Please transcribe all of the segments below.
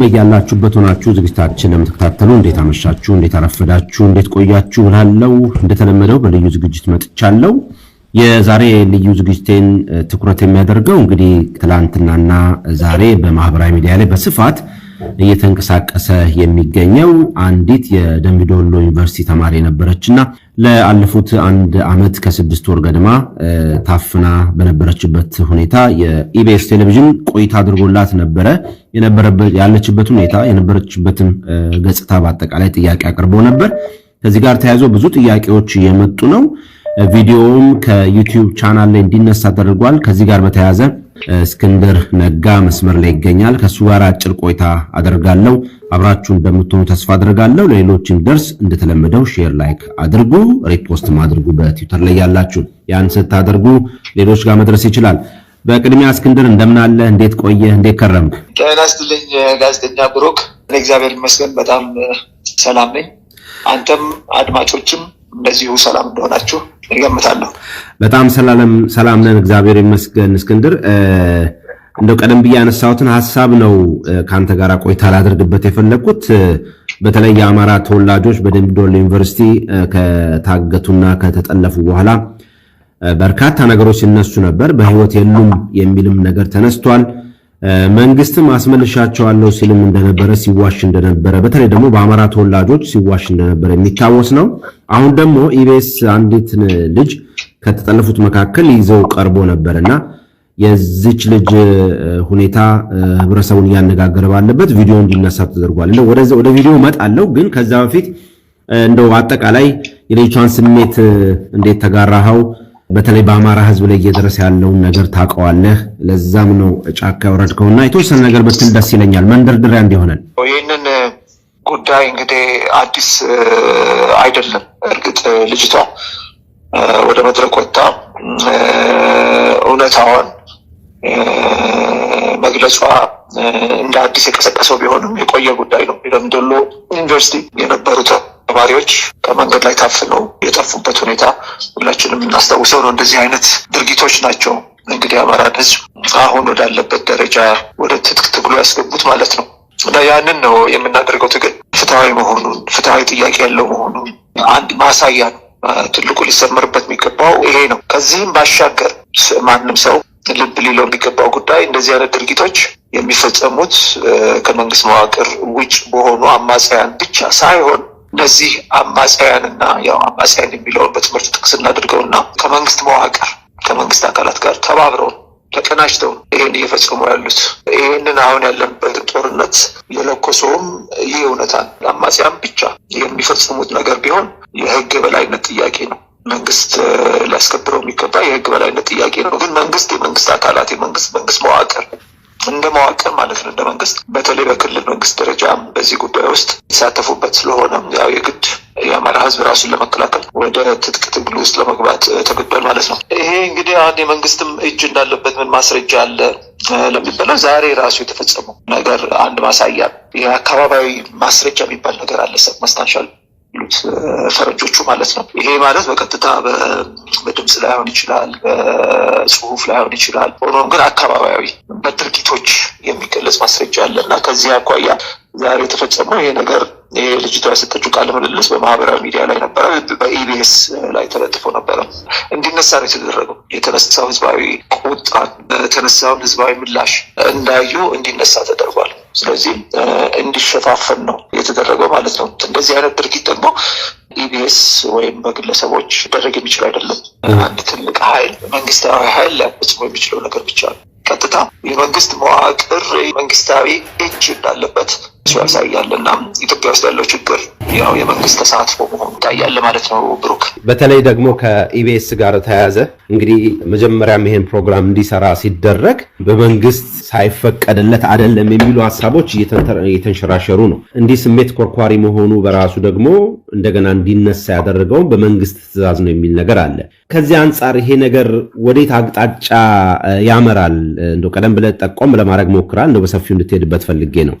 በያላችሁበት ሆናችሁ ዝግጅታችን ለምትከታተሉ እንዴት አመሻችሁ፣ እንዴት አረፈዳችሁ፣ እንዴት ቆያችሁ ላለው እንደተለመደው በልዩ ዝግጅት መጥቻለሁ። የዛሬ ልዩ ዝግጅቴን ትኩረት የሚያደርገው እንግዲህ ትላንትናና ዛሬ በማህበራዊ ሚዲያ ላይ በስፋት እየተንቀሳቀሰ የሚገኘው አንዲት የደምቢዶሎ ዩኒቨርሲቲ ተማሪ የነበረችና ለአለፉት አንድ ዓመት ከስድስት ወር ገድማ ታፍና በነበረችበት ሁኔታ የኢቢኤስ ቴሌቪዥን ቆይታ አድርጎላት ነበረ። ያለችበት ሁኔታ የነበረችበትን ገጽታ በአጠቃላይ ጥያቄ አቅርቦ ነበር። ከዚህ ጋር ተያይዞ ብዙ ጥያቄዎች የመጡ ነው። ቪዲዮውም ከዩቲዩብ ቻናል ላይ እንዲነሳ ተደርጓል። ከዚህ ጋር በተያያዘ እስክንድር ነጋ መስመር ላይ ይገኛል። ከእሱ ጋር አጭር ቆይታ አደርጋለሁ። አብራችሁ እንደምትሆኑ ተስፋ አደርጋለሁ። ለሌሎች እንዲደርስ እንደተለመደው ሼር፣ ላይክ አድርጉ፣ ሪፖስት አድርጉ። በትዊተር ላይ ያላችሁ ያን ስታደርጉ ሌሎች ጋር መድረስ ይችላል። በቅድሚያ እስክንድር እንደምን አለ? እንዴት ቆየ? እንዴት ከረምክ? ጤና ይስጥልኝ ጋዜጠኛ ብሩክ። እግዚአብሔር ይመስገን በጣም ሰላም ነኝ። አንተም አድማጮችም እንደዚሁ ሰላም እንደሆናችሁ እገምታለሁ። በጣም ሰላም ነን፣ እግዚአብሔር ይመስገን። እስክንድር እንደው ቀደም ብዬ ያነሳሁትን ሀሳብ ነው ከአንተ ጋር ቆይታ ላደርግበት የፈለግኩት በተለይ የአማራ ተወላጆች በደምቢ ዩኒቨርሲቲ ከታገቱና ከተጠለፉ በኋላ በርካታ ነገሮች ሲነሱ ነበር። በህይወት የሉም የሚልም ነገር ተነስቷል። መንግስትም አስመልሻቸዋለሁ ሲልም እንደነበረ ሲዋሽ እንደነበረ በተለይ ደግሞ በአማራ ተወላጆች ሲዋሽ እንደነበረ የሚታወስ ነው። አሁን ደግሞ ኢቢኤስ አንዲት ልጅ ከተጠለፉት መካከል ይዘው ቀርቦ ነበር እና የዚች ልጅ ሁኔታ ህብረተሰቡን እያነጋገረ ባለበት ቪዲዮ እንዲነሳ ተደርጓል። ወደ ቪዲዮ አለው ግን ከዛ በፊት እንደው አጠቃላይ የልጅቷን ስሜት እንዴት ተጋራኸው? በተለይ በአማራ ህዝብ ላይ እየደረሰ ያለውን ነገር ታውቀዋለህ። ለዛም ነው ጫካ የወረድከው እና የተወሰነ ነገር ብትል ደስ ይለኛል፣ መንደርድሪያ እንዲሆነን። ይህንን ጉዳይ እንግዲህ አዲስ አይደለም። እርግጥ ልጅቷ ወደ መድረክ ወጣ እውነታዋን መግለጿ እንደ አዲስ የቀሰቀሰው ቢሆንም የቆየ ጉዳይ ነው። ደምዶሎ ዩኒቨርሲቲ የነበሩት ተማሪዎች ከመንገድ ላይ ታፍነው የጠፉበት ሁኔታ ሁላችንም እናስታውሰው ነው። እንደዚህ አይነት ድርጊቶች ናቸው እንግዲህ አማራን ህዝብ አሁን ወዳለበት ደረጃ ወደ ትጥቅ ትግሉ ያስገቡት ማለት ነው። እና ያንን ነው የምናደርገው ትግል ፍትሐዊ መሆኑን ፍትሐዊ ጥያቄ ያለው መሆኑን አንድ ማሳያ ነው። ትልቁ ሊሰመርበት የሚገባው ይሄ ነው። ከዚህም ባሻገር ማንም ሰው ልብ ሊለው የሚገባው ጉዳይ እንደዚህ አይነት ድርጊቶች የሚፈጸሙት ከመንግስት መዋቅር ውጭ በሆኑ አማጽያን ብቻ ሳይሆን በዚህ አማጽያንና ያው አማጽያን የሚለውን በትምህርት ጥቅስ እናድርገውና ከመንግስት መዋቅር ከመንግስት አካላት ጋር ተባብረው ተቀናጅተው ይህን እየፈጸሙ ያሉት ይህንን አሁን ያለንበት ጦርነት የለኮሰውም ይህ እውነታ አማጽያን ብቻ የሚፈጽሙት ነገር ቢሆን የህግ በላይነት ጥያቄ ነው። መንግስት ሊያስከብረው የሚገባ የህግ በላይነት ጥያቄ ነው። ግን መንግስት የመንግስት አካላት የመንግስት መንግስት መዋቅር እንደ መዋቅር ማለት ነው እንደ መንግስት በተለይ በክልል መንግስት ደረጃ በዚህ ጉዳይ ውስጥ የተሳተፉበት ስለሆነ ያው የግድ የአማራ ህዝብ ራሱን ለመከላከል ወደ ትጥቅ ትግል ውስጥ ለመግባት ተገዷል ማለት ነው። ይሄ እንግዲህ አንድ የመንግስትም እጅ እንዳለበት ምን ማስረጃ አለ ለሚባለው ዛሬ ራሱ የተፈጸመው ነገር አንድ ማሳያ የአካባቢያዊ ማስረጃ የሚባል ነገር አለ ሰ የሚሉት ፈረንጆቹ ማለት ነው። ይሄ ማለት በቀጥታ በድምፅ ላይሆን ይችላል፣ በጽሁፍ ላይሆን ይችላል። ሆኖም ግን አካባቢያዊ በድርጊቶች የሚገለጽ ማስረጃ አለ እና ከዚህ አኳያ ዛሬ የተፈጸመው ይሄ ነገር ይሄ ልጅቷ የሰጠችው ቃለ ምልልስ በማህበራዊ ሚዲያ ላይ ነበረ፣ በኢቢኤስ ላይ ተለጥፎ ነበረ። እንዲነሳ ነው የተደረገው። የተነሳው ህዝባዊ ቁጣ፣ የተነሳውን ህዝባዊ ምላሽ እንዳዩ እንዲነሳ ተደርጓል። ስለዚህ እንዲሸፋፈን ነው የተደረገው ማለት ነው። እንደዚህ አይነት ድርጊት ደግሞ ኢቢኤስ ወይም በግለሰቦች ሊደረግ የሚችል አይደለም። አንድ ትልቅ ኃይል መንግስታዊ ኃይል ሊያፈጽሞ የሚችለው ነገር ብቻ ነው። ቀጥታ የመንግስት መዋቅር መንግስታዊ እጅ እንዳለበት ያሳያል እና ኢትዮጵያ ውስጥ ያለው ችግር ያው የመንግስት ተሳትፎ መሆኑ ይታያል ማለት ነው። ብሩክ፣ በተለይ ደግሞ ከኢቢኤስ ጋር ተያያዘ እንግዲህ መጀመሪያም ይሄን ፕሮግራም እንዲሰራ ሲደረግ በመንግስት ሳይፈቀድለት አይደለም የሚሉ ሀሳቦች እየተንሸራሸሩ ነው። እንዲህ ስሜት ኮርኳሪ መሆኑ በራሱ ደግሞ እንደገና እንዲነሳ ያደረገውን በመንግስት ትእዛዝ ነው የሚል ነገር አለ። ከዚህ አንጻር ይሄ ነገር ወዴት አቅጣጫ ያመራል? እንደው ቀደም ብለህ ጠቆም ለማድረግ ሞክራል። እንደው በሰፊው እንድትሄድበት ፈልጌ ነው።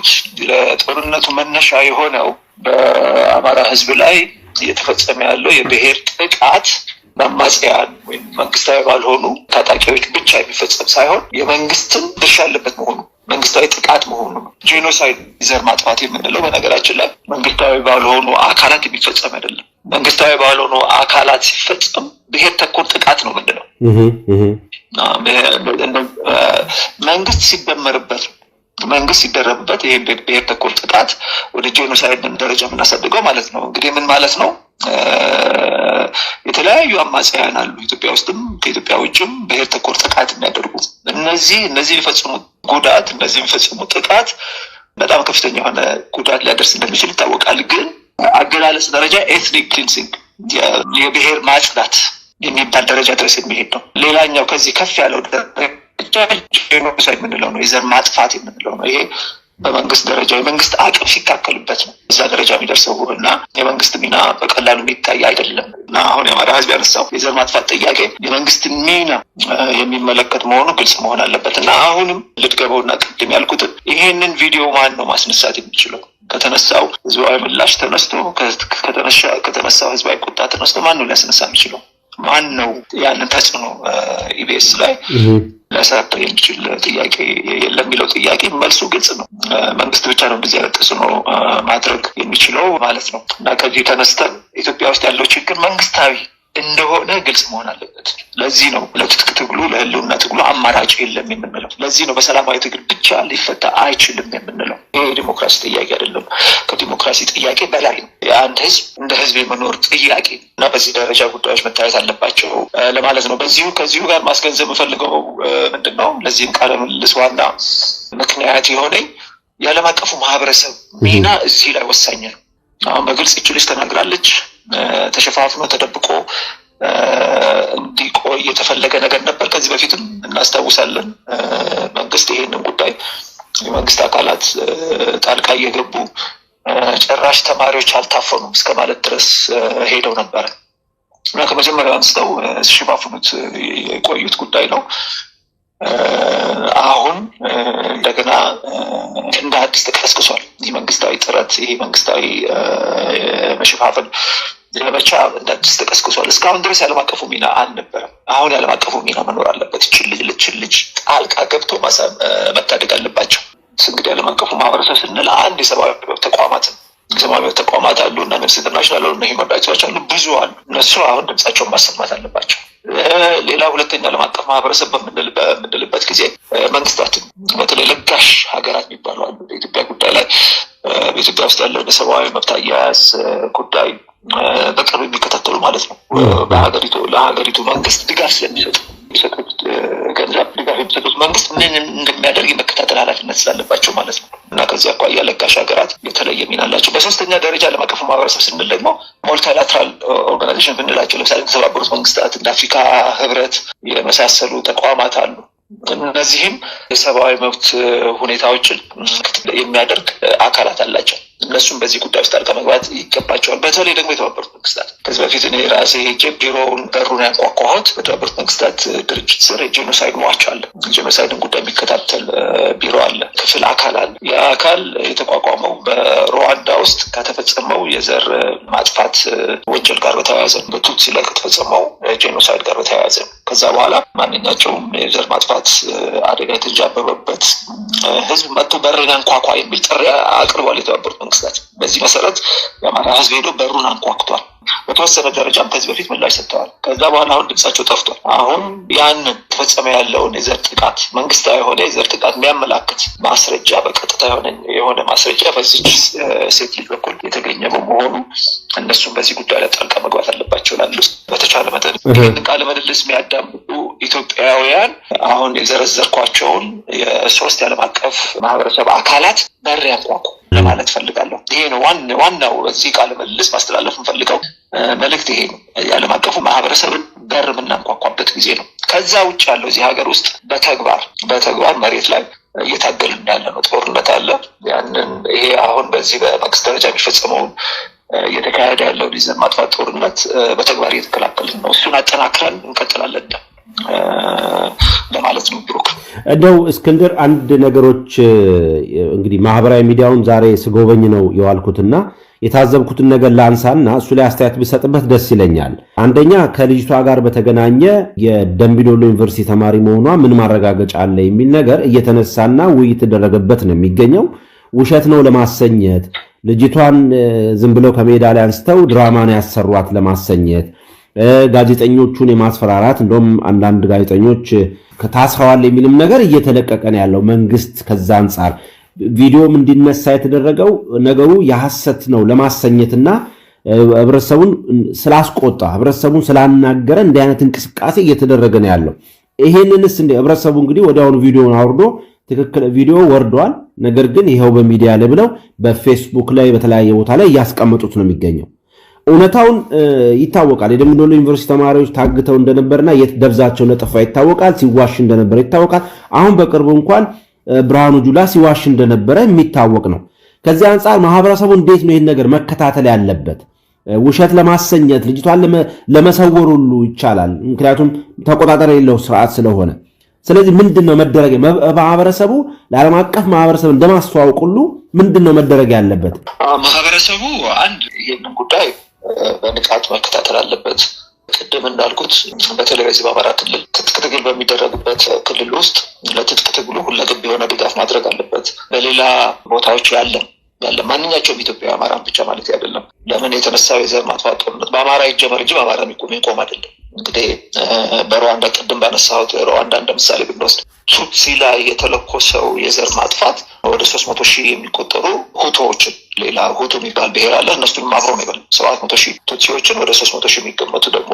እንዳልኩት ለጦርነቱ መነሻ የሆነው በአማራ ህዝብ ላይ እየተፈጸመ ያለው የብሔር ጥቃት መማጽያን ወይም መንግስታዊ ባልሆኑ ታጣቂዎች ብቻ የሚፈጸም ሳይሆን የመንግስትን ድርሻ ያለበት መሆኑ መንግስታዊ ጥቃት መሆኑ ጄኖሳይድ ዘር ማጥፋት የምንለው በነገራችን ላይ መንግስታዊ ባልሆኑ አካላት የሚፈጸም አይደለም። መንግስታዊ ባልሆኑ አካላት ሲፈጸም ብሔር ተኮር ጥቃት ነው ምንድነው መንግስት ሲደመርበት ነው መንግስት ሲደረብበት ይህ ብሔር ተኮር ጥቃት ወደ ጄኖሳይድ ደረጃ የምናሳድገው ማለት ነው። እንግዲህ ምን ማለት ነው? የተለያዩ አማጽያን አሉ ኢትዮጵያ ውስጥም ከኢትዮጵያ ውጭም ብሔር ተኮር ጥቃት የሚያደርጉ እነዚህ እነዚህ የሚፈጽሙ ጉዳት እነዚህ የሚፈጽሙ ጥቃት በጣም ከፍተኛ የሆነ ጉዳት ሊያደርስ እንደሚችል ይታወቃል። ግን አገላለጽ ደረጃ ኤትኒክ ክሊንሲንግ የብሄር ማጽዳት የሚባል ደረጃ ድረስ የሚሄድ ነው። ሌላኛው ከዚህ ከፍ ያለው ጉዳይ ጄኖሳይድ የምንለው ነው፣ የዘር ማጥፋት የምንለው ነው። ይሄ በመንግስት ደረጃ የመንግስት አቅም ሲታከልበት ነው እዛ ደረጃ የሚደርሰው እና የመንግስት ሚና በቀላሉ የሚታይ አይደለም እና አሁን የአማራ ህዝብ ያነሳው የዘር ማጥፋት ጥያቄ የመንግስት ሚና የሚመለከት መሆኑ ግልጽ መሆን አለበት እና አሁንም ልድገበውና ቅድም ያልኩት ይሄንን ቪዲዮ ማን ነው ማስነሳት የሚችለው? ከተነሳው ህዝባዊ ምላሽ ተነስቶ ከተነሳው ህዝባዊ ቁጣ ተነስቶ ማን ነው ሊያስነሳ የሚችለው? ማን ነው ያንን ተጽዕኖ ኢቢኤስ ላይ ሊያሳድር የሚችል ጥያቄ ለሚለው ጥያቄ መልሱ ግልጽ ነው። መንግስት ብቻ ነው እንደዚህ አይነት ተጽዕኖ ማድረግ የሚችለው ማለት ነው እና ከዚህ ተነስተን ኢትዮጵያ ውስጥ ያለው ችግር መንግስታዊ እንደሆነ ግልጽ መሆን አለበት። ለዚህ ነው ለትጥቅ ትግሉ ለህልውና ትግሉ አማራጭ የለም የምንለው። ለዚህ ነው በሰላማዊ ትግል ብቻ ሊፈታ አይችልም የምንለው። ይሄ የዲሞክራሲ ጥያቄ አይደለም፣ ከዲሞክራሲ ጥያቄ በላይ ነው። የአንድ ህዝብ እንደ ህዝብ የመኖር ጥያቄ እና በዚህ ደረጃ ጉዳዮች መታየት አለባቸው ለማለት ነው። በዚሁ ከዚሁ ጋር ማስገንዘብ የምፈልገው ምንድን ነው፣ ለዚህም ቃለ ምልልስ ዋና ምክንያት የሆነኝ የዓለም አቀፉ ማህበረሰብ ሚና እዚህ ላይ ወሳኝ ነው። አሁን በግልጽ እችልሽ ተናግራለች ተሸፋፍኖ ተደብቆ እንዲቆይ የተፈለገ ነገር ነበር። ከዚህ በፊትም እናስታውሳለን። መንግስት ይሄንን ጉዳይ የመንግስት አካላት ጣልቃ እየገቡ ጭራሽ ተማሪዎች አልታፈኑም እስከ ማለት ድረስ ሄደው ነበረ እና ከመጀመሪያው አንስተው ሲሸፋፍኑት የቆዩት ጉዳይ ነው። አሁን እንደገና እንደ አዲስ ተቀስቅሷል። ይህ መንግስታዊ ጥረት ይህ መንግስታዊ መሸፋፈን ዘመቻ እንደ አዲስ ተቀስቅሷል። እስካሁን ድረስ የዓለም አቀፉ ሚና አልነበረም። አሁን የዓለም አቀፉ ሚና መኖር አለበት። ችን ልጅ ልችን ልጅ ጣልቃ ገብቶ መታደግ አለባቸው። እንግዲህ ዓለም አቀፉ ማህበረሰብ ስንል አንድ የሰብአዊ መብት ተቋማት የሰብአዊ መብት ተቋማት አሉ እና አምነስቲ ኢንተርናሽናል አሉ እና ሂውማን ራይትስ ዋች አሉ፣ ብዙ አሉ። እነሱ አሁን ድምጻቸውን ማሰማት አለባቸው። ሌላ ሁለተኛ ዓለም አቀፍ ማህበረሰብ በምንልበት ጊዜ መንግስታትን በተለይ ለጋሽ ሀገራት የሚባሉ አሉ። በኢትዮጵያ ጉዳይ ላይ በኢትዮጵያ ውስጥ ያለው የሰብአዊ መብት አያያዝ ጉዳይ በቅርብ የሚከታተሉ ማለት ነው። ለሀገሪቱ መንግስት ድጋፍ ስለሚሰጡ የሚሰጡት ገንዘብ ድጋፍ የሚሰጡት መንግስት ምን እንደሚያደርግ የመከታተል ኃላፊነት ስላለባቸው ማለት ነው እና ከዚህ አኳያ ለጋሽ ሀገራት የተለየ ሚና አላቸው። በሶስተኛ ደረጃ ዓለም አቀፉ ማህበረሰብ ስንል ደግሞ ሞልቲላትራል ኦርጋናይዜሽን ብንላቸው ለምሳሌ የተባበሩት መንግስታት እንደ አፍሪካ ህብረት የመሳሰሉ ተቋማት አሉ። እነዚህም የሰብአዊ መብት ሁኔታዎችን የሚያደርግ አካላት አላቸው። እነሱም በዚህ ጉዳይ ውስጥ አድርጋ መግባት ይገባቸዋል። በተለይ ደግሞ የተባበሩት መንግስታት ከዚህ በፊት እኔ ራሴ ሄጄ ቢሮውን በሩን ያንቋቋሁት በተባበሩት መንግስታት ድርጅት ስር የጄኖሳይድ ዋች አለ። የጄኖሳይድን ጉዳይ የሚከታተል ቢሮ አለ፣ ክፍል አካል አለ። ያ አካል የተቋቋመው በሩዋንዳ ውስጥ ከተፈጸመው የዘር ማጥፋት ወንጀል ጋር በተያያዘ በቱትሲ ላይ ከተፈጸመው ጄኖሳይድ ጋር በተያያዘ ነው። ከዛ በኋላ ማንኛቸውም የዘር ማጥፋት አደጋ የተጃበበበት ህዝብ መጥቶ በርን አንኳኳ የሚል ጥሪ አቅርቧል የተባበሩት መንግስታት። በዚህ መሰረት የአማራ ህዝብ ሄዶ በሩን አንኳኩቷል። በተወሰነ ደረጃም ከዚህ በፊት ምላሽ ሰጥተዋል። ከዛ በኋላ አሁን ድምጻቸው ጠፍቷል። አሁን ያንን ተፈጸመ ያለውን የዘር ጥቃት መንግስታዊ የሆነ የዘር ጥቃት የሚያመላክት ማስረጃ በቀጥታ የሆነ ማስረጃ በዚች ሴት ልጅ በኩል የተገኘ በመሆኑ እነሱም በዚህ ጉዳይ ላይ ጣልቃ መግባት አለባቸው ላሉ በተቻለ መጠን ቃለ ምልልስ የሚያዳምጡ ኢትዮጵያውያን አሁን የዘረዘርኳቸውን የሶስት የዓለም አቀፍ ማህበረሰብ አካላት በር ያንኳኩ ለማለት ፈልጋለሁ። ይሄ ነው ዋናው በዚህ ቃለ መልስ ማስተላለፍ እንፈልገው መልእክት ይሄ ነው። የዓለም አቀፉ ማህበረሰብን በር የምናንኳኳበት ጊዜ ነው። ከዛ ውጭ ያለው እዚህ ሀገር ውስጥ በተግባር በተግባር መሬት ላይ እየታገል እንዳለ ነው። ጦርነት አለ። ያንን ይሄ አሁን በዚህ በመንግስት ደረጃ የሚፈጸመውን እየተካሄደ ያለው ሪዘን ማጥፋት ጦርነት በተግባር እየተከላከልን ነው። እሱን አጠናክረን እንቀጥላለን። ለማለት ነው። ብሩክ እንደው እስክንድር አንድ ነገሮች እንግዲህ ማህበራዊ ሚዲያውን ዛሬ ስጎበኝ ነው የዋልኩትና የታዘብኩትን ነገር ላንሳና እሱ ላይ አስተያየት ብሰጥበት ደስ ይለኛል። አንደኛ ከልጅቷ ጋር በተገናኘ የደምቢዶሎ ዩኒቨርሲቲ ተማሪ መሆኗ ምን ማረጋገጫ አለ የሚል ነገር እየተነሳና ውይይት የተደረገበት ነው የሚገኘው። ውሸት ነው ለማሰኘት ልጅቷን ዝም ብለው ከሜዳ ላይ አንስተው ድራማ ነው ያሰሯት ለማሰኘት ጋዜጠኞቹን የማስፈራራት እንደውም አንዳንድ ጋዜጠኞች ታስረዋል የሚልም ነገር እየተለቀቀ ነው ያለው መንግስት። ከዛ አንጻር ቪዲዮም እንዲነሳ የተደረገው ነገሩ የሐሰት ነው ለማሰኘትና ህብረተሰቡን ስላስቆጣ ህብረተሰቡን ስላናገረ እንዲህ አይነት እንቅስቃሴ እየተደረገ ነው ያለው። ይሄንንስ እንደ ህብረተሰቡ እንግዲህ ወዲያውኑ ቪዲዮን አውርዶ ትክክል ቪዲዮ ወርዷል። ነገር ግን ይኸው በሚዲያ ላይ ብለው በፌስቡክ ላይ በተለያየ ቦታ ላይ እያስቀመጡት ነው የሚገኘው። እውነታውን ይታወቃል። የደምቢ ዶሎ ዩኒቨርሲቲ ተማሪዎች ታግተው እንደነበርና የት ደብዛቸው እንደጠፋ ይታወቃል። ሲዋሽ እንደነበረ ይታወቃል። አሁን በቅርቡ እንኳን ብርሃኑ ጁላ ሲዋሽ እንደነበረ የሚታወቅ ነው። ከዚህ አንጻር ማህበረሰቡ እንዴት ነው ይህን ነገር መከታተል ያለበት? ውሸት ለማሰኘት ልጅቷን ለመሰወር ሁሉ ይቻላል። ምክንያቱም ተቆጣጠር የለው ስርዓት ስለሆነ ስለዚህ ምንድን ነው መደረግ ማህበረሰቡ ለዓለም አቀፍ ማህበረሰብ እንደማስተዋወቅ ሁሉ ምንድን ነው መደረግ ያለበት ማህበረሰቡ አንድ ይህንን ጉዳይ በንቃት መከታተል አለበት። ቅድም እንዳልኩት በተለይ በዚህ በአማራ ክልል ትጥቅ ትግል በሚደረግበት ክልል ውስጥ ለትጥቅ ትግሉ ሁለገብ የሆነ ድጋፍ ማድረግ አለበት። በሌላ ቦታዎች ያለን ያለ ማንኛቸውም ኢትዮጵያ አማራን ብቻ ማለት አይደለም። ለምን የተነሳው የዘር ማጥፋት ጦርነት በአማራ ይጀመር እንጂ በአማራ የሚቆም አይደለም። እንግዲህ በሩዋንዳ ቅድም ባነሳሁት ሩዋንዳ እንደ ምሳሌ ብንወስድ ቱትሲ ላይ የተለኮሰው የዘር ማጥፋት ወደ ሶስት መቶ ሺህ የሚቆጠሩ ሁቶዎችን ሌላ ሁቱ የሚባል ብሄር አለ። እነሱን አብሮ ነው ይበል ሰባት መቶ ሺህ ቱትሲዎችን ወደ ሶስት መቶ ሺህ የሚገመቱ ደግሞ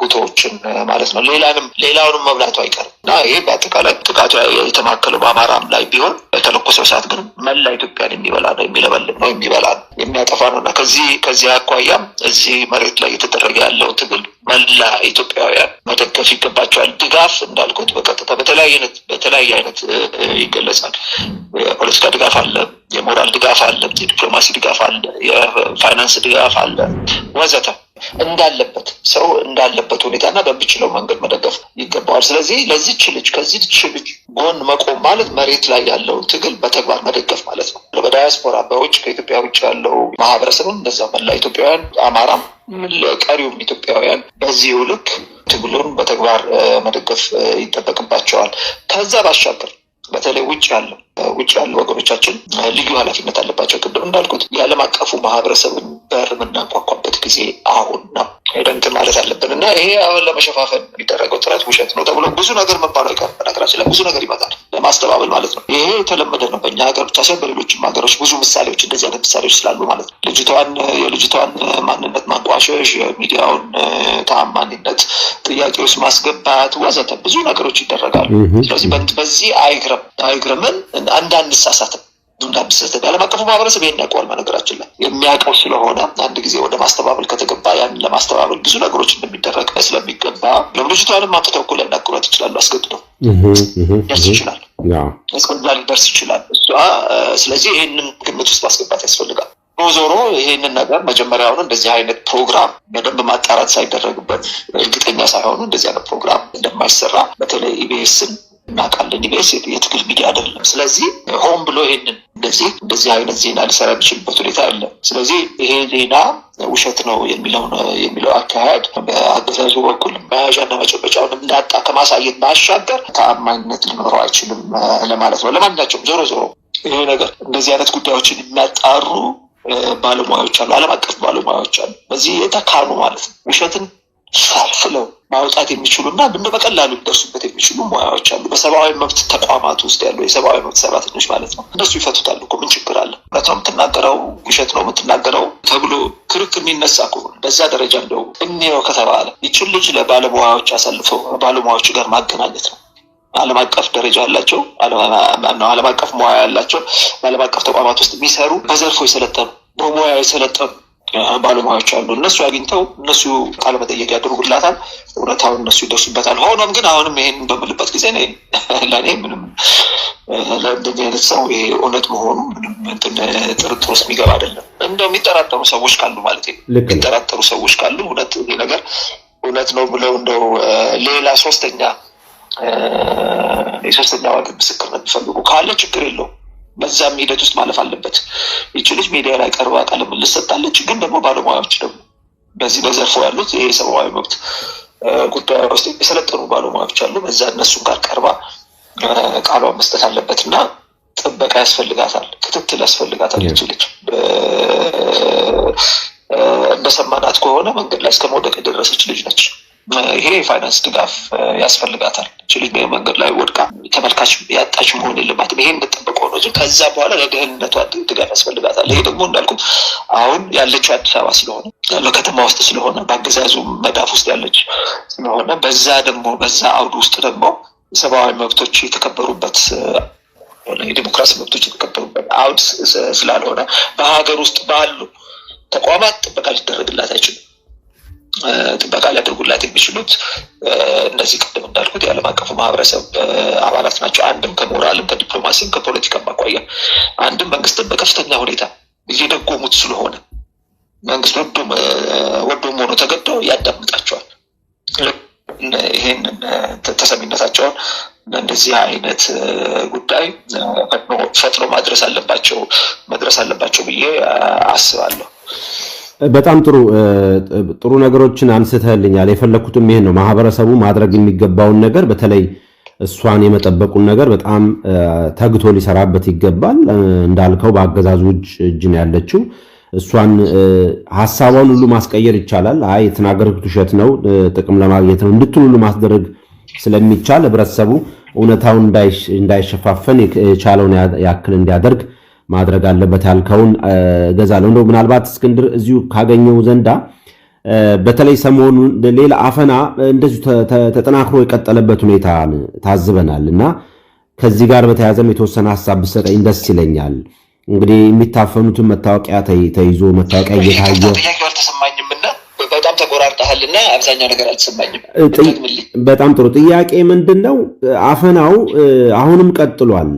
ሁቶዎችን ማለት ነው። ሌላንም ሌላውንም መብላቱ አይቀርም እና ይሄ በአጠቃላይ ጥቃቱ የተማከሉ በአማራም ላይ ቢሆን የተለኮሰው ሰዓት ግን መላ ኢትዮጵያን የሚበላ ነው፣ የሚለበል ነው፣ የሚበላ የሚያጠፋ ነው እና ከዚህ ከዚህ አኳያም እዚህ መሬት ላይ እየተደረገ ያለው ትግል መላ ኢትዮጵያውያን መደገፍ ይገባቸዋል። ድጋፍ እንዳልኩት በቀጥታ በተለያየ አይነት በተለያየ አይነት ይገለጻል። የፖለቲካ ድጋፍ አለ፣ የሞራል ድጋፍ አለ፣ የዲፕሎማሲ ድጋፍ አለ፣ የፋይናንስ ድጋፍ አለ ወዘተ እንዳለበት ሰው እንዳለበት ሁኔታና በሚችለው መንገድ መደገፍ ይገባዋል። ስለዚህ ለዚች ልጅ ከዚች ልጅ ጎን መቆም ማለት መሬት ላይ ያለውን ትግል በተግባር መደገፍ ማለት ነው። በዳያስፖራ በውጭ ከኢትዮጵያ ውጭ ያለው ማህበረሰብም እንደዛ መላ ኢትዮጵያውያን አማራም ቀሪውም ኢትዮጵያውያን በዚህ ልክ ትግሉን በተግባር መደገፍ ይጠበቅባቸዋል። ከዛ ባሻገር በተለይ ውጭ ያለው ውጭ ያሉ ወገኖቻችን ልዩ ኃላፊነት አለባቸው። ቅድም እንዳልኩት የዓለም አቀፉ ማህበረሰብን በር የምናንኳኳበት ጊዜ አሁን ነው። ደንት ማለት አለብን እና ይሄ አሁን ለመሸፋፈን የሚደረገው ጥረት ውሸት ነው ተብሎ ብዙ ነገር መባሉ አይቀርም። በነገራችን ብዙ ነገር ይመጣል ለማስተባበል ማለት ነው። ይሄ የተለመደ ነው በእኛ ሀገር ብቻ ሳይሆን በሌሎችም ሀገሮች ብዙ ምሳሌዎች እንደዚህ አይነት ምሳሌዎች ስላሉ ማለት ነው። ልጅቷን የልጅቷን ማንነት ማንቋሸሽ፣ የሚዲያውን ተአማኒነት ጥያቄ ውስጥ ማስገባት ወዘተ ብዙ ነገሮች ይደረጋሉ። ስለዚህ በዚህ አይግረም አይግረምን አንዳንድ ሳሳትም እንዳብሰስተ ዓለም አቀፉ ማህበረሰብ ይሄን ያውቀዋል። በነገራችን ላይ የሚያውቀው ስለሆነ አንድ ጊዜ ወደ ማስተባበል ከተገባ ያን ለማስተባበል ብዙ ነገሮች እንደሚደረግ ስለሚገባ ለብልጅቷንም አምጥተው እኮ ሊያናግሯት ይችላሉ። አስገድደው ደርስ ይችላል፣ እስከዛ ሊደርስ ይችላል እሷ። ስለዚህ ይህንን ግምት ውስጥ ማስገባት ያስፈልጋል። ዞሮ ይሄንን ነገር መጀመሪያውን እንደዚህ አይነት ፕሮግራም በደንብ ማጣራት ሳይደረግበት እርግጠኛ ሳይሆኑ እንደዚህ አይነት ፕሮግራም እንደማይሰራ በተለይ ኢቢኤስን እናውቃለን። ኢቢኤስ የትግል ሚዲያ አይደለም። ስለዚህ ሆን ብሎ ይህን እንደዚህ እንደዚህ አይነት ዜና ሊሰራ የሚችልበት ሁኔታ አለ። ስለዚህ ይሄ ዜና ውሸት ነው የሚለው የሚለው አካሄድ በአገዛዙ በኩል መያዣና መጨበጫውን እንዳጣ ከማሳየት ባሻገር ተአማኝነት ሊኖረው አይችልም ለማለት ነው። ለማንኛቸውም ዞሮ ዞሮ ይሄ ነገር እንደዚህ አይነት ጉዳዮችን የሚያጣሩ ባለሙያዎች አሉ፣ ዓለም አቀፍ ባለሙያዎች አሉ። በዚህ የተካኑ ማለት ነው ውሸትን ሸፍለው ማውጣት የሚችሉ እና ምን በቀላሉ ሊደርሱበት የሚችሉ ሙያዎች አሉ። በሰብአዊ መብት ተቋማት ውስጥ ያሉ የሰብአዊ መብት ሰራተኞች ማለት ነው። እነሱ ይፈቱታል እኮ ምን ችግር አለ? እውነት ነው የምትናገረው፣ ውሸት ነው የምትናገረው ተብሎ ክርክር የሚነሳ ከሆነ በዛ ደረጃ እንደው እኔው ከተባለ ይችን ልጅ ለባለሙያዎች አሳልፈው ባለሙያዎች ጋር ማገናኘት ነው። ዓለም አቀፍ ደረጃ ያላቸው ዓለም አቀፍ ሙያ ያላቸው በዓለም አቀፍ ተቋማት ውስጥ የሚሰሩ በዘርፎ የሰለጠኑ በሙያ የሰለጠኑ ባለሙያዎች አሉ። እነሱ አግኝተው እነሱ መጠየቅ ያደርጉላታል። እውነታውን እነሱ ይደርሱበታል። ሆኖም ግን አሁንም ይሄን በምልበት ጊዜ ለእኔ ምንም ለእንደኛ አይነት ሰው ይሄ እውነት መሆኑ ምንም ጥርጥር ውስጥ የሚገባ አይደለም። እንደው የሚጠራጠሩ ሰዎች ካሉ ማለት የሚጠራጠሩ ሰዎች ካሉ እውነት ነገር እውነት ነው ብለው እንደው ሌላ ሶስተኛ የሶስተኛ ዋግ ምስክር ነው የሚፈልጉ ካለ ችግር የለውም በዛም ሂደት ውስጥ ማለፍ አለበት። ይቺ ልጅ ሚዲያ ላይ ቀርባ ቃለ ምልልስ ሰጥታለች። ግን ደግሞ ባለሙያዎች ደግሞ በዚህ በዘርፎ ያሉት ይሄ ሰብአዊ መብት ጉዳይ ውስጥ የሰለጠኑ ባለሙያዎች አሉ። በዛ እነሱ ጋር ቀርባ ቃሏን መስጠት አለበት እና ጥበቃ ያስፈልጋታል፣ ክትትል ያስፈልጋታል። ይቺ ልጅ እንደሰማናት ከሆነ መንገድ ላይ እስከ መውደቅ የደረሰች ልጅ ነች። ይሄ የፋይናንስ ድጋፍ ያስፈልጋታል። ልጅ መንገድ ላይ ወድቃ ተመልካች ያጣች መሆን የለባትም። ይሄ እንደጠበቀ ሆኖ ከዛ በኋላ ለደህንነቷ ድጋፍ ያስፈልጋታል። ይሄ ደግሞ እንዳልኩ አሁን ያለችው አዲስ አበባ ስለሆነ ያለው ከተማ ውስጥ ስለሆነ በአገዛዙ መዳፍ ውስጥ ያለች ስለሆነ በዛ ደግሞ በዛ አውድ ውስጥ ደግሞ ሰብአዊ መብቶች የተከበሩበት የዲሞክራሲ መብቶች የተከበሩበት አውድ ስላልሆነ በሀገር ውስጥ ባሉ ተቋማት ጥበቃ ሊደረግላት አይችልም። ጥበቃ ሊያደርጉላት የሚችሉት እነዚህ ቅድም እንዳልኩት የዓለም አቀፉ ማህበረሰብ አባላት ናቸው። አንድም ከሞራልም ከዲፕሎማሲም ከፖለቲካም አኳያ አንድም መንግስትን በከፍተኛ ሁኔታ እየደጎሙት ስለሆነ መንግስት ወዶም ሆኖ ተገዶ ያዳምጣቸዋል። ይህን ተሰሚነታቸውን እንደዚህ አይነት ጉዳይ ፈጥኖ ማድረስ አለባቸው መድረስ አለባቸው ብዬ አስባለሁ። በጣም ጥሩ ጥሩ ነገሮችን አንስተህልኛል። የፈለግኩትም ይሄን ነው። ማህበረሰቡ ማድረግ የሚገባውን ነገር በተለይ እሷን የመጠበቁን ነገር በጣም ተግቶ ሊሰራበት ይገባል። እንዳልከው በአገዛዙ እጅ ነው ያለችው። እሷን ሀሳቧን ሁሉ ማስቀየር ይቻላል። አይ የተናገርኩት ውሸት ነው፣ ጥቅም ለማግኘት ነው እንድትል ሁሉ ማስደረግ ስለሚቻል ህብረተሰቡ እውነታውን እንዳይሸፋፈን የቻለውን ያክል እንዲያደርግ ማድረግ አለበት ያልከውን እገዛለሁ። እንደው ምናልባት እስክንድር እዚሁ ካገኘው ዘንዳ በተለይ ሰሞኑን ሌላ አፈና እንደዚሁ ተጠናክሮ የቀጠለበት ሁኔታ ታዝበናል እና ከዚህ ጋር በተያያዘም የተወሰነ ሀሳብ ብሰጠኝ ደስ ይለኛል። እንግዲህ የሚታፈኑትን መታወቂያ ተይዞ መታወቂያ እየታየ ተቆራርጠሃልና አብዛኛው ነገር አልተሰማኝም። በጣም ጥሩ ጥያቄ ምንድን ነው? አፈናው አሁንም ቀጥሏል።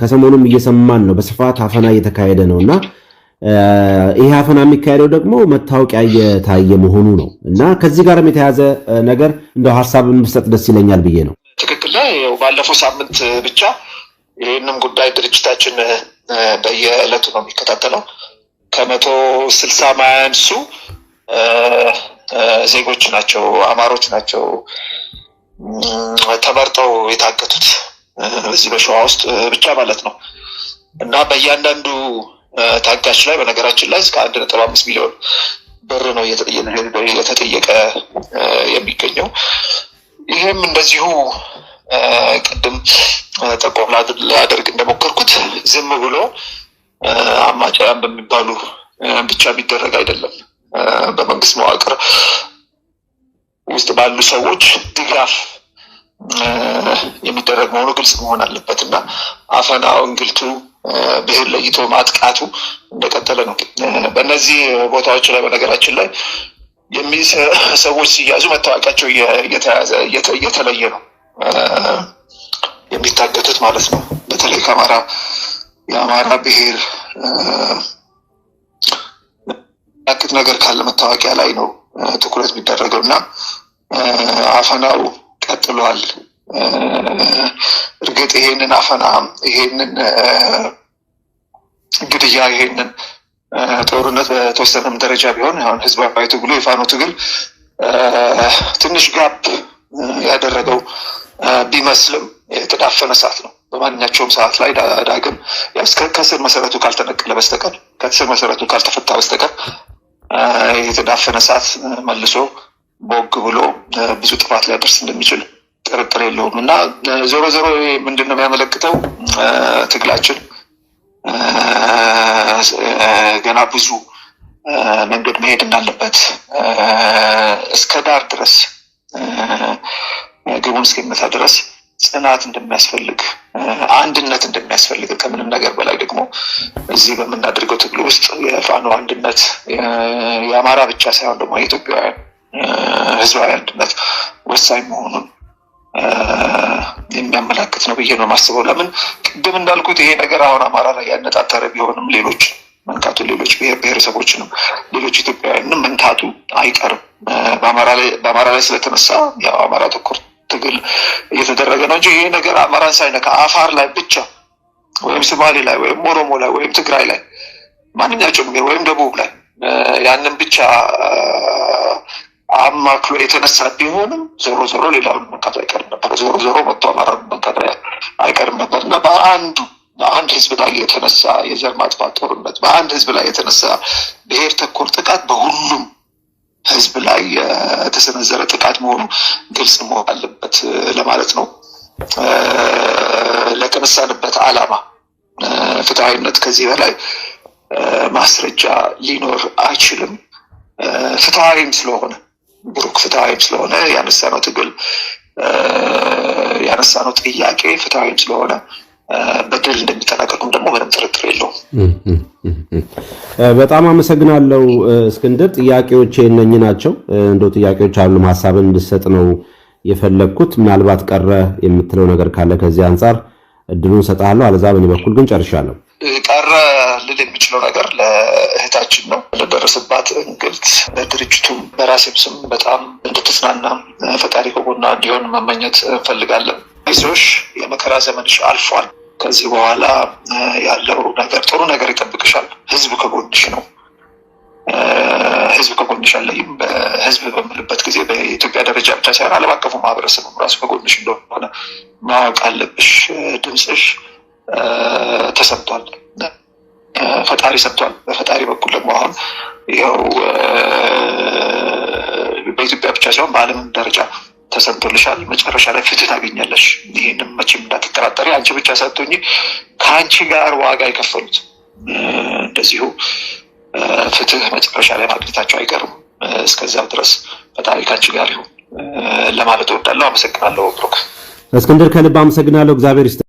ከሰሞኑም እየሰማን ነው። በስፋት አፈና እየተካሄደ ነው እና ይሄ አፈና የሚካሄደው ደግሞ መታወቂያ እየታየ መሆኑ ነው እና ከዚህ ጋርም የተያዘ ነገር እንደው ሀሳብ ብሰጥ ደስ ይለኛል ብዬ ነው። ትክክል ላይ ባለፈው ሳምንት ብቻ ይህንም ጉዳይ ድርጅታችን በየዕለቱ ነው የሚከታተለው ከመቶ ስልሳ ማያንሱ ዜጎች ናቸው፣ አማሮች ናቸው ተመርጠው የታገቱት በዚህ በሸዋ ውስጥ ብቻ ማለት ነው። እና በእያንዳንዱ ታጋች ላይ በነገራችን ላይ እስከ አንድ ነጥብ አምስት ሚሊዮን ብር ነው እየተጠየቀ የሚገኘው። ይህም እንደዚሁ ቅድም ጠቆም ላደርግ እንደሞከርኩት ዝም ብሎ አማጽያን በሚባሉ ብቻ የሚደረግ አይደለም። በመንግስት መዋቅር ውስጥ ባሉ ሰዎች ድጋፍ የሚደረግ መሆኑ ግልጽ መሆን አለበት እና አፈናው፣ እንግልቱ፣ ብሔር ለይቶ ማጥቃቱ እንደቀጠለ ነው። በእነዚህ ቦታዎች ላይ በነገራችን ላይ ሰዎች ሲያዙ መታወቂያቸው እየተለየ ነው የሚታገቱት ማለት ነው። በተለይ ከአማራ የአማራ ብሔር የሚያመላክት ነገር ካለ መታወቂያ ላይ ነው ትኩረት የሚደረገው እና አፈናው ቀጥሏል። እርግጥ ይሄንን አፈና ይሄንን ግድያ ይሄንን ጦርነት በተወሰነም ደረጃ ቢሆን ሁን ህዝባዊ ትግሉ የፋኖ ትግል ትንሽ ጋፕ ያደረገው ቢመስልም የተዳፈነ ሰዓት ነው። በማንኛቸውም ሰዓት ላይ ዳግም ከስር መሰረቱ ካልተነቀለ በስተቀር ከስር መሰረቱ ካልተፈታ በስተቀር የተዳፈነ እሳት መልሶ ቦግ ብሎ ብዙ ጥፋት ሊያደርስ እንደሚችል ጥርጥር የለውም እና ዞሮ ዞሮ ምንድን ነው የሚያመለክተው ትግላችን ገና ብዙ መንገድ መሄድ እንዳለበት እስከ ዳር ድረስ ግቡን እስኪመታ ድረስ ጽናት እንደሚያስፈልግ፣ አንድነት እንደሚያስፈልግ ከምንም ነገር በላይ ደግሞ እዚህ በምናደርገው ትግል ውስጥ የፋኖ አንድነት የአማራ ብቻ ሳይሆን ደግሞ የኢትዮጵያውያን ህዝባዊ አንድነት ወሳኝ መሆኑን የሚያመላክት ነው ብዬ ነው የማስበው። ለምን ቅድም እንዳልኩት ይሄ ነገር አሁን አማራ ላይ ያነጣጠረ ቢሆንም ሌሎች መንካቱ ሌሎች ብሔር ብሔረሰቦችንም ሌሎች ኢትዮጵያውያንም መንካቱ አይቀርም። በአማራ ላይ ስለተነሳ ያው አማራ ተኮር ትግል እየተደረገ ነው እንጂ ይሄ ነገር አማራን ሳይነካ አፋር ላይ ብቻ ወይም ሶማሌ ላይ ወይም ኦሮሞ ላይ ወይም ትግራይ ላይ ማንኛቸውም ወይም ደቡብ ላይ ያንን ብቻ አማክሎ የተነሳ ቢሆንም ዞሮ ዞሮ ሌላውን መንካቱ አይቀርም ነበር። ዞሮ ዞሮ መቶ አማራን መንካቱ አይቀርም ነበር እና በአንዱ በአንድ ህዝብ ላይ የተነሳ የዘር ማጥፋት ጦርነት፣ በአንድ ህዝብ ላይ የተነሳ ብሔር ተኮር ጥቃት በሁሉም ህዝብ ላይ የተሰነዘረ ጥቃት መሆኑ ግልጽ መሆን አለበት ለማለት ነው። ለተነሳንበት ዓላማ ፍትሐዊነት ከዚህ በላይ ማስረጃ ሊኖር አይችልም። ፍትሐዊም ስለሆነ ብሩክ ፍትሐዊም ስለሆነ ያነሳነው ትግል ያነሳነው ጥያቄ ፍትሐዊም ስለሆነ በድል እንደሚጠናቀቁም ደግሞ ምንም ጥርጥር የለውም። በጣም አመሰግናለሁ እስክንድር። ጥያቄዎች የነኝ ናቸው። እንደው ጥያቄዎች አሉ ሀሳብን እንድሰጥ ነው የፈለግኩት። ምናልባት ቀረ የምትለው ነገር ካለ ከዚህ አንጻር እድሉን እሰጥሃለሁ። አለዛ በእኔ በኩል ግን ጨርሻለሁ። ቀረ ልል የምችለው ነገር ለእህታችን ነው ለደረሰባት እንግልት፣ ድርጅቱም በራሴም ስም በጣም እንድትዝናና ፈጣሪ ከጎኗ እንዲሆን መመኘት እንፈልጋለን። አይዞሽ፣ የመከራ ዘመንሽ አልፏል። ከዚህ በኋላ ያለው ነገር ጥሩ ነገር ይጠብቅሻል። ህዝብ ከጎንሽ ነው። ህዝብ ከጎንሽ አለ። በህዝብ በምልበት ጊዜ በኢትዮጵያ ደረጃ ብቻ ሳይሆን ዓለም አቀፉ ማህበረሰብ ራሱ ከጎንሽ እንደሆነ ማወቅ አለብሽ። ድምፅሽ ተሰምቷል፣ ፈጣሪ ሰጥቷል። በፈጣሪ በኩል ደግሞ አሁን ይኸው በኢትዮጵያ ብቻ ሳይሆን በዓለምም ደረጃ ተሰጥቶልሻል። መጨረሻ ላይ ፍትህ ታገኛለሽ። ይህንም መቼም እንዳትጠራጠሪ። አንቺ ብቻ ሳትሆኚ ከአንቺ ጋር ዋጋ የከፈሉት እንደዚሁ ፍትህ መጨረሻ ላይ ማግኘታቸው አይቀርም። እስከዚያው ድረስ ፈጣሪ ጋር ይሁን ለማለት እወዳለሁ። አመሰግናለሁ ብሩክ እስክንድር፣ ከልብ አመሰግናለሁ። እግዚአብሔር ይስጥ